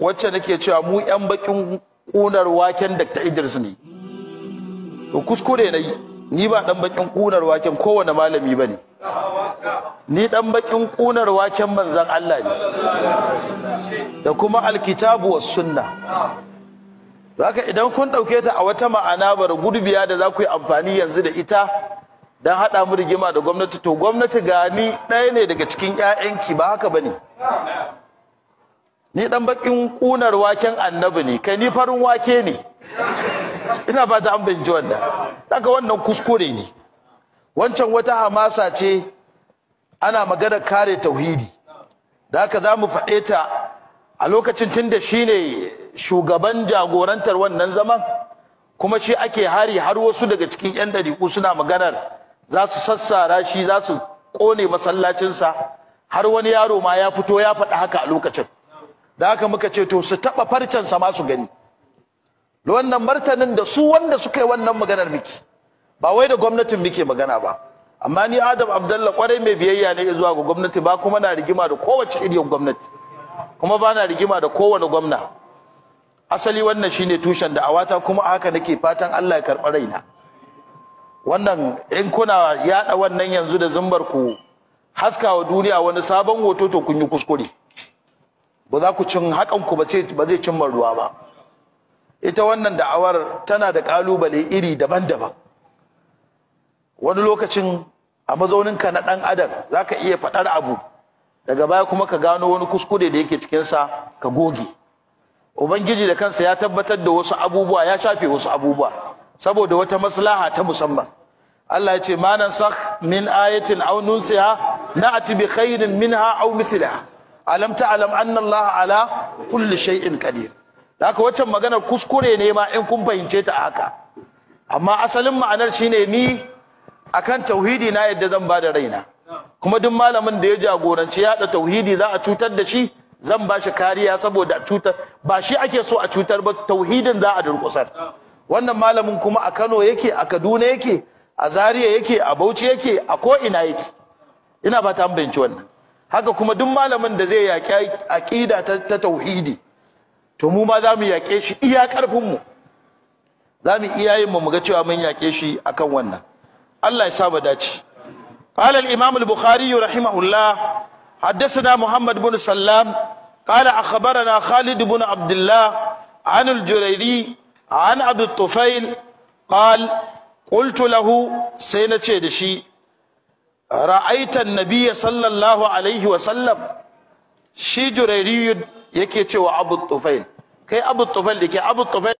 wacce nake cewa mu yan bakin kunar waken Dr. Idris ne to kuskure na ni ba dan bakin kunar waken kowane malami ba ne ni dan bakin kunar waken manzan Allah ne da kuma alkitabu was sunna haka idan kun dauke ta a wata ma'ana bar gurbiya da za ku yi amfani yanzu da ita dan haɗa mu rigima da gwamnati to gwamnati gani ɗaya ne daga cikin 'ya'yanki ba haka bane ni dan bakin kunar waken annabi ne kai ni farin wake ne ina ba ta an binci wannan daga wannan kuskure ne wancan wata hamasa ce ana magana kare tauhidi da haka za mu faɗe ta a lokacin tun da shi ne shugaban jagorantar wannan zaman kuma shi ake hari har wasu daga cikin 'yan ɗariƙu suna maganar za su sassara shi za su ƙone masallacinsa har wani yaro ma ya fito ya faɗi haka a lokacin da aka muka ce to su taɓa sa ma su gani wannan martanin da su wanda suka yi wannan maganar miki ba wai da gwamnatin muke magana ba amma ni adam abdullah kwarai mai biyayya ne zuwa ga gwamnati ba kuma na rigima da kowace iriyar gwamnati kuma ba na rigima da kowane gwamna asali wannan shine tushen da awata kuma haka nake fatan Allah ya karɓi raina wannan in kuna yada wannan yanzu da zumbar ku haskawa duniya wani sabon hoto to kun yi kuskure ba za ku cin hakan ku ba zai cimma ruwa ba ita wannan da'awar tana da ƙalubale iri daban-daban wani lokacin a mazauninka na ɗan adam za ka iya faɗar abu daga baya kuma ka gano wani kuskure da yake cikinsa ka goge ubangiji da kansa ya tabbatar da wasu abubuwa ya shafe wasu abubuwa saboda wata maslaha ta musamman Allah ya ce ma nansakh min ayatin aw nunsiha na'ati bi khairin minha au mithliha alam ta'lam anna Allah ala kulli shay'in qadir haka waccan maganar kuskure ne ma in kun fahimce ta haka amma asalin ma'anar shine ni akan tauhidi na yadda zan bada raina kuma duk malamin da ya jagoranci da tauhidi za a cutar da shi zan ba shi kariya saboda cutar ba shi ake so a cutar ba tauhidin za a durkusar wannan malamin kuma a Kano yake a Kaduna yake a Zaria yake a Bauchi yake a ko ina yake ina ba ta ambanci wannan haka kuma duk malamin da zai yaƙi aƙida ta tauhidi to mu ma za mu yaƙe shi iya ƙarfinmu za mu iya yin mu muga cewa mun yaƙe shi akan wannan Allah ya sa mu dace qala al-imam al-bukhari rahimahullah haddathana muhammad bin sallam qala akhbarana khalid bin abdullah an al-jurayri an abi tufail qal qultu sai na ce da shi ra'aitan Nabiya sallallahu alaihi wa shi jurairi yake cewa abu tufail kai abu tufail dake abu tufail